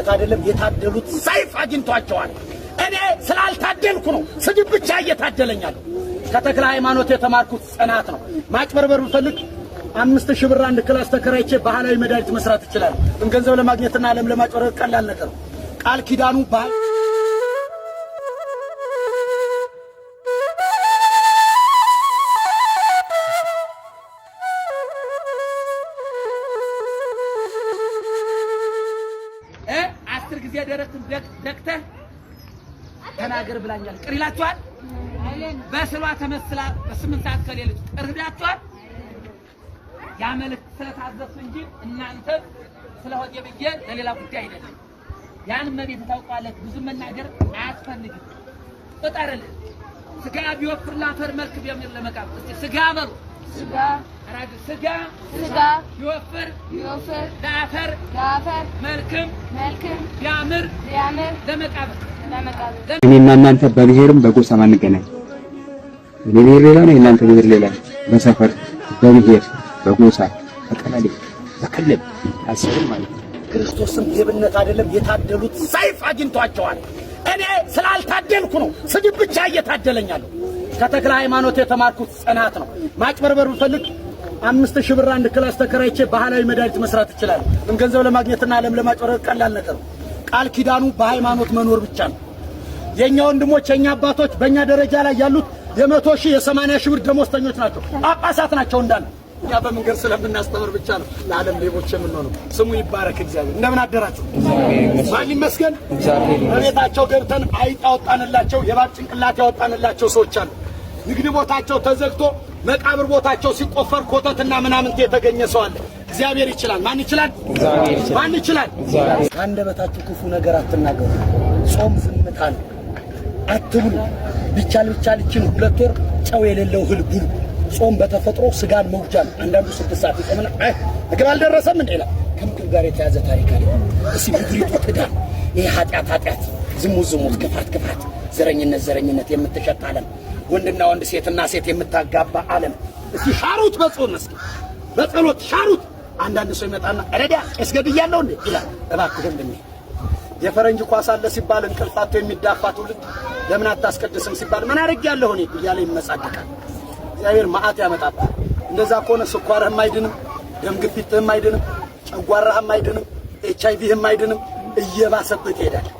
እውነት አይደለም። የታደሉት ሰይፍ አግኝቷቸዋል። እኔ ስላልታደልኩ ነው፣ ስድብ ብቻ እየታደለኛል። ከተክለ ሃይማኖት የተማርኩት ጽናት ነው። ማጭበርበር ብፈልግ አምስት ሺህ ብር አንድ ክላስ ተከራይቼ ባህላዊ መድኃኒት መስራት ይችላል። ገንዘብ ለማግኘትና ዓለም ለማጭበርበር ቀላል ነገር ነው። ቃል ኪዳኑ ባህል ደረትን ደክተህ ተናገር ብላኛል። ቅር ይላችኋል? በስሏ ተመስላ በስምንት ሰዓት ከሌሊት ቅር ይላችኋል? ያ መልእክት ስለታዘዝኩ እንጂ እናንተ ስለሆነ ብዬ ለሌላ ጉዳይ አይደለም። ያን መቤት ታውቃለህ። ብዙ መናገር አያስፈልግም። እጠርልህ ስጋ ቢወፍር ላፈር መልክ ቢያምር ለመቃብ ስጋ በሩ ስጋ ስጋ ስጋ ይወፍር ይወፍር ለአፈር ለአፈር መልክም መልክም ያምር ያምር ለመቃብር ለመቃብር እኔና እናንተ በብሔርም በጎሳም አንገናኝ። እኔ ብሔር ሌላ ነው፣ እናንተ ብሔር ሌላ ነው። በሰፈር በብሔር በጎሳ በቀበሌ በክልል አስርም ማለት ነው። ክርስቶስም ብሔርነት አይደለም የታደሉት ሰይፍ አግኝቷቸዋል። እኔ ስላልታደልኩ ነው ስድብ ብቻ እየታደለኛለሁ። ከተክለ ሃይማኖት የተማርኩት ጽናት ነው። ማጭበርበር ብፈልግ አምስት ሺህ ብር አንድ ክላስ ተከራይቼ ባህላዊ መድኃኒት መስራት ይችላል። ምን ገንዘብ ለማግኘትና ዓለም ለማጨረቅ ቀላል ነገር ቃል ኪዳኑ በሃይማኖት መኖር ብቻ ነው። የእኛ ወንድሞች የእኛ አባቶች በእኛ ደረጃ ላይ ያሉት የመቶ ሺህ የሰማንያ ሺህ ብር ደሞዝተኞች ናቸው። ጳጳሳት ናቸው እንዳለ እኛ በመንገድ ስለምናስተምር ብቻ ነው ለዓለም ሌቦች የምንሆነው። ስሙ ይባረክ እግዚአብሔር። እንደምን አደራችሁ? ማን ይመስገን። በቤታቸው ገብተን አይጥ ያወጣንላቸው፣ የባብ ጭንቅላት ያወጣንላቸው ሰዎች አሉ። ንግድ ቦታቸው ተዘግቶ መቃብር ቦታቸው ሲቆፈር ኮተትና ምናምንት የተገኘ ሰው አለ። እግዚአብሔር ይችላል። ማን ይችላል? ማን ይችላል? ከአንደበታችሁ ክፉ ነገር አትናገሩ። ጾም ዝምታ ነው። አትብሉ። ቢቻል ቢቻል ይችን ሁለት ወር ጨው የሌለው እህል ብሉ። ጾም በተፈጥሮ ስጋን መውጃ ነው። አንዳንዱ ስድስት ሰዓት ይጾምና አይ ምግብ አልደረሰም እንደ ይላል። ከምግብ ጋር የተያዘ ታሪክ አለ። እሲ ምድሪቱ ትዳር ይህ ኃጢአት ኃጢአት፣ ዝሙት ዝሙት፣ ክፋት ክፋት ዘረኝነት ዘረኝነት የምትሸጥ ዓለም፣ ወንድና ወንድ ሴትና ሴት የምታጋባ ዓለም። እስቲ ሻሩት በጾም እስኪ በጸሎት ሻሩት። አንዳንድ ሰው ይመጣና ረዳ እስገድያለሁ እንዴ ይላል። እባክህ ወንድሜ የፈረንጅ ኳስ አለ ሲባል እንቅልፋቶ የሚዳፋ ትውልድ ለምን አታስቀድስም ሲባል ምን አድርጌያለሁ እኔ እያለ ይመጻደቃል። እግዚአብሔር መዓት ያመጣብህ። እንደዛ ከሆነ ስኳርህም አይድንም፣ ደም ግፊትህም አይድንም፣ ጨጓራህም አይድንም፣ ኤች አይ ቪህም አይድንም። እየባሰብህ ትሄዳለህ።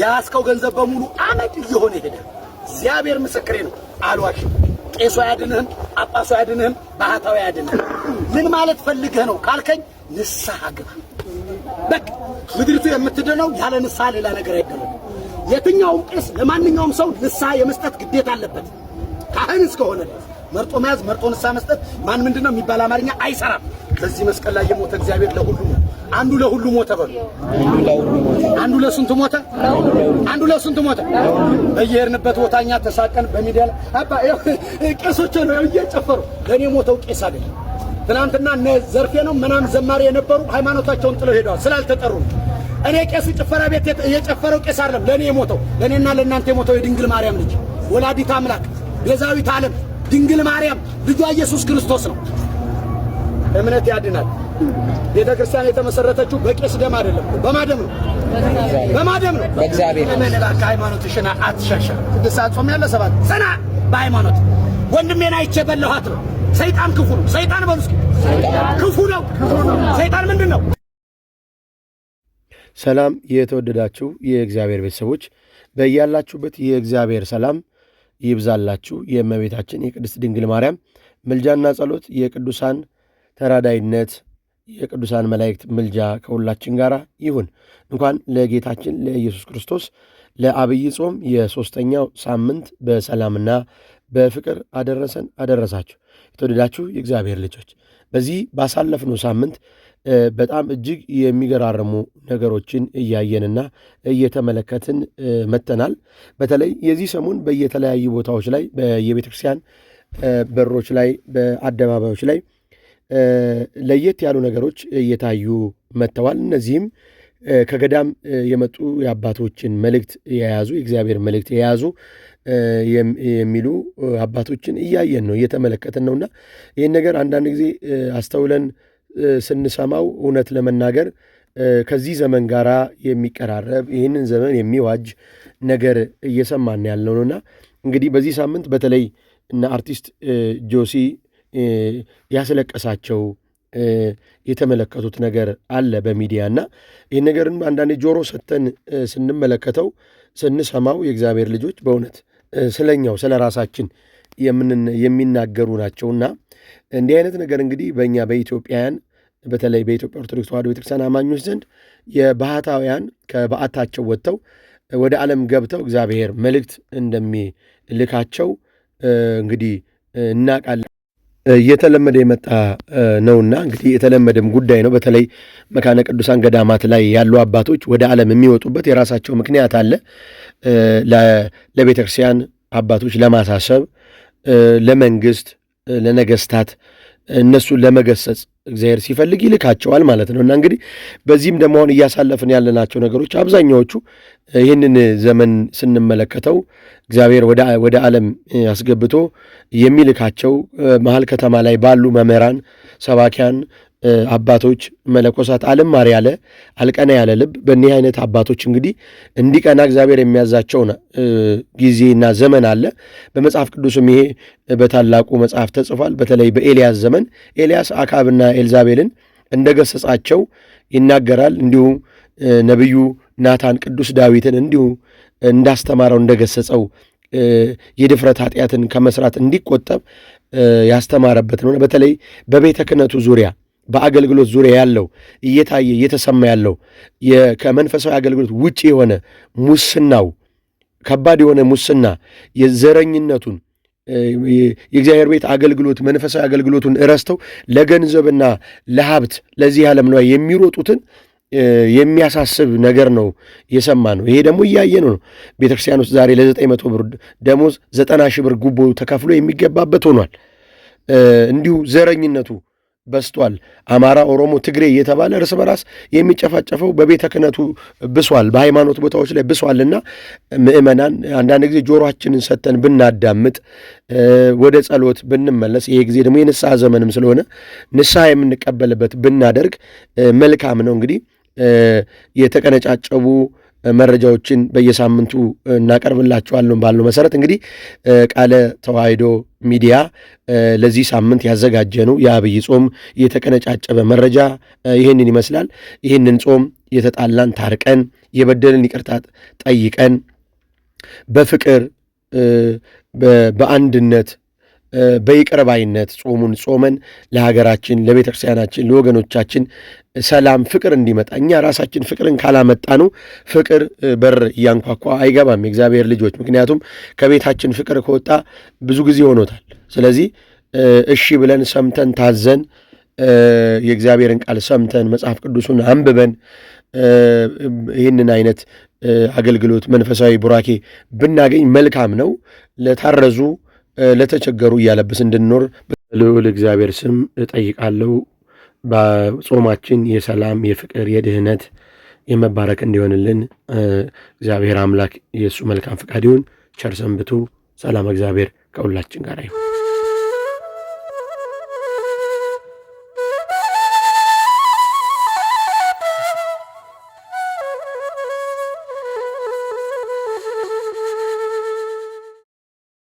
የያዝከው ገንዘብ በሙሉ አመድ እየሆነ ይሄዳል። እግዚአብሔር ምስክሬ ነው፣ አልዋሽም። ቄሶ አያድንህም፣ ጳጳሱ አያድንህም፣ ባህታዊ አያድንህም። ምን ማለት ፈልገህ ነው ካልከኝ ንስሐ ግባ። በቃ ምድሪቱ የምትድነው ያለ ንስሐ ሌላ ነገር አይደለም። የትኛውም ቄስ ለማንኛውም ሰው ንስሐ የመስጠት ግዴታ አለበት። ካህን እስከሆነ መርጦ መያዝ፣ መርጦ ንስሐ መስጠት ማን ምንድነው የሚባል አማርኛ አይሰራም። በዚህ መስቀል ላይ የሞተ እግዚአብሔር ለሁሉ አንዱ ለሁሉ ሞተ በሉ። አንዱ ለስንቱ ሞተ? አንዱ ለስንቱ ሞተ? በየሄድንበት ቦታ እኛ ተሳቀን በሚዲያ ላይ አባ ቄሶች ነው እየጨፈሩ ለእኔ ሞተው ቄስ አይደለም። ትናንትና እነ ዘርፌ ነው ምናምን ዘማሪ የነበሩ ሃይማኖታቸውን ጥለው ሄደዋል ስላልተጠሩ። እኔ ቄሱ ጭፈራ ቤት የጨፈረው ቄስ አይደለም ለእኔ የሞተው ለእኔና ለእናንተ የሞተው የድንግል ማርያም ልጅ ወላዲት አምላክ ቤዛዊት ዓለም ድንግል ማርያም ልጇ ኢየሱስ ክርስቶስ ነው። እምነት ያድናል። ቤተ ክርስቲያን የተመሰረተችው በቄስ ደም አይደለም፣ በማደም ነው። በማደም ነው። በእግዚአብሔር መነባካ ሃይማኖት ሽና አትሻሻ ስድስት ሰዓት ጾም ያለ ሰባት ጽና በሃይማኖት ወንድሜን አይቼ በለኋት ነው። ሰይጣን ክፉ ነው። ሰይጣን በሉ እስኪ ክፉ ነው። ሰይጣን ምንድን ነው? ሰላም የተወደዳችሁ የእግዚአብሔር ቤተሰቦች በያላችሁበት የእግዚአብሔር ሰላም ይብዛላችሁ። የእመቤታችን የቅድስት ድንግል ማርያም ምልጃና ጸሎት የቅዱሳን ተራዳይነት የቅዱሳን መላእክት ምልጃ ከሁላችን ጋር ይሁን። እንኳን ለጌታችን ለኢየሱስ ክርስቶስ ለአብይ ጾም የሦስተኛው ሳምንት በሰላምና በፍቅር አደረሰን አደረሳችሁ። የተወደዳችሁ የእግዚአብሔር ልጆች በዚህ ባሳለፍነው ሳምንት በጣም እጅግ የሚገራርሙ ነገሮችን እያየንና እየተመለከትን መጥተናል። በተለይ የዚህ ሰሞን በየተለያዩ ቦታዎች ላይ በየቤተክርስቲያን በሮች ላይ በአደባባዮች ላይ ለየት ያሉ ነገሮች እየታዩ መጥተዋል። እነዚህም ከገዳም የመጡ የአባቶችን መልእክት የያዙ የእግዚአብሔር መልእክት የያዙ የሚሉ አባቶችን እያየን ነው እየተመለከትን ነውና ይህን ነገር አንዳንድ ጊዜ አስተውለን ስንሰማው እውነት ለመናገር ከዚህ ዘመን ጋር የሚቀራረብ ይህንን ዘመን የሚዋጅ ነገር እየሰማን ያለው ነውና እንግዲህ በዚህ ሳምንት በተለይ እነ አርቲስት ጆሲ ያስለቀሳቸው የተመለከቱት ነገር አለ በሚዲያ እና ይህን ነገርን አንዳንዴ ጆሮ ሰጥተን ስንመለከተው ስንሰማው የእግዚአብሔር ልጆች በእውነት ስለኛው ስለ ራሳችን የሚናገሩ እና እንዲህ አይነት ነገር እንግዲህ በእኛ በኢትዮጵያውያን በተለይ በኢትዮጵያ ኦርቶዶክስ ተዋሕዶ ቤተክርስቲያን አማኞች ዘንድ የባህታውያን ከበዓታቸው ወጥተው ወደ ዓለም ገብተው እግዚአብሔር መልእክት እንደሚልካቸው እንግዲህ እናውቃለን። እየተለመደ የመጣ ነውና እንግዲህ የተለመደም ጉዳይ ነው። በተለይ መካነ ቅዱሳን ገዳማት ላይ ያሉ አባቶች ወደ ዓለም የሚወጡበት የራሳቸው ምክንያት አለ። ለቤተ ክርስቲያን አባቶች ለማሳሰብ፣ ለመንግስት፣ ለነገስታት እነሱን ለመገሰጽ እግዚአብሔር ሲፈልግ ይልካቸዋል ማለት ነው እና እንግዲህ በዚህም ደግሞ አሁን እያሳለፍን ያለናቸው ነገሮች አብዛኛዎቹ ይህንን ዘመን ስንመለከተው እግዚአብሔር ወደ ዓለም አስገብቶ የሚልካቸው መሀል ከተማ ላይ ባሉ መምህራን፣ ሰባኪያን አባቶች መለኮሳት አልማር ያለ አልቀና ያለ ልብ በእኒህ አይነት አባቶች እንግዲህ እንዲቀና እግዚአብሔር የሚያዛቸው ጊዜና ዘመን አለ። በመጽሐፍ ቅዱስም ይሄ በታላቁ መጽሐፍ ተጽፏል። በተለይ በኤልያስ ዘመን ኤልያስ አካብና ኤልዛቤልን እንደገሰጻቸው ይናገራል። እንዲሁ ነቢዩ ናታን ቅዱስ ዳዊትን እንዲሁ እንዳስተማረው እንደገሰጸው የድፍረት ኃጢአትን ከመስራት እንዲቆጠብ ያስተማረበት ነው። በተለይ በቤተ ክህነቱ ዙሪያ በአገልግሎት ዙሪያ ያለው እየታየ እየተሰማ ያለው ከመንፈሳዊ አገልግሎት ውጭ የሆነ ሙስናው ከባድ የሆነ ሙስና የዘረኝነቱን የእግዚአብሔር ቤት አገልግሎት መንፈሳዊ አገልግሎቱን እረስተው ለገንዘብና ለሀብት ለዚህ ዓለም ነው የሚሮጡትን የሚያሳስብ ነገር ነው የሰማ ነው። ይሄ ደግሞ እያየን ነው። ቤተክርስቲያን ውስጥ ዛሬ ለዘጠኝ መቶ ብር ደሞዝ ዘጠና ሺህ ብር ጉቦ ተከፍሎ የሚገባበት ሆኗል። እንዲሁ ዘረኝነቱ በስቷል። አማራ፣ ኦሮሞ፣ ትግሬ እየተባለ እርስ በራስ የሚጨፋጨፈው በቤተ ክህነቱ ብሷል፣ በሃይማኖት ቦታዎች ላይ ብሷልና ምእመናን አንዳንድ ጊዜ ጆሮችንን ሰጥተን ብናዳምጥ ወደ ጸሎት ብንመለስ፣ ይሄ ጊዜ ደግሞ የንስሐ ዘመንም ስለሆነ ንስሐ የምንቀበልበት ብናደርግ መልካም ነው። እንግዲህ የተቀነጫጨቡ መረጃዎችን በየሳምንቱ እናቀርብላችኋለን ባለው መሰረት እንግዲህ ቃለ ተዋሕዶ ሚዲያ ለዚህ ሳምንት ያዘጋጀ ነው የአብይ ጾም የተቀነጫጨበ መረጃ ይህንን ይመስላል። ይህንን ጾም የተጣላን ታርቀን የበደልን ይቅርታ ጠይቀን በፍቅር በአንድነት በይቅርባይነት ጾሙን ጾመን ለሀገራችን፣ ለቤተ ክርስቲያናችን፣ ለወገኖቻችን ሰላም፣ ፍቅር እንዲመጣ እኛ ራሳችን ፍቅርን ካላመጣ ነው ፍቅር በር እያንኳኳ አይገባም የእግዚአብሔር ልጆች። ምክንያቱም ከቤታችን ፍቅር ከወጣ ብዙ ጊዜ ሆኖታል። ስለዚህ እሺ ብለን ሰምተን ታዘን የእግዚአብሔርን ቃል ሰምተን መጽሐፍ ቅዱሱን አንብበን ይህንን አይነት አገልግሎት መንፈሳዊ ቡራኬ ብናገኝ መልካም ነው። ለታረዙ ለተቸገሩ እያለብስ እንድንኖር ልዑል እግዚአብሔር ስም እጠይቃለሁ። በጾማችን የሰላም የፍቅር፣ የድህነት፣ የመባረክ እንዲሆንልን እግዚአብሔር አምላክ የእሱ መልካም ፈቃድ ይሁን። ቸር ሰንብቱ። ሰላም እግዚአብሔር ከሁላችን ጋር ይሁን።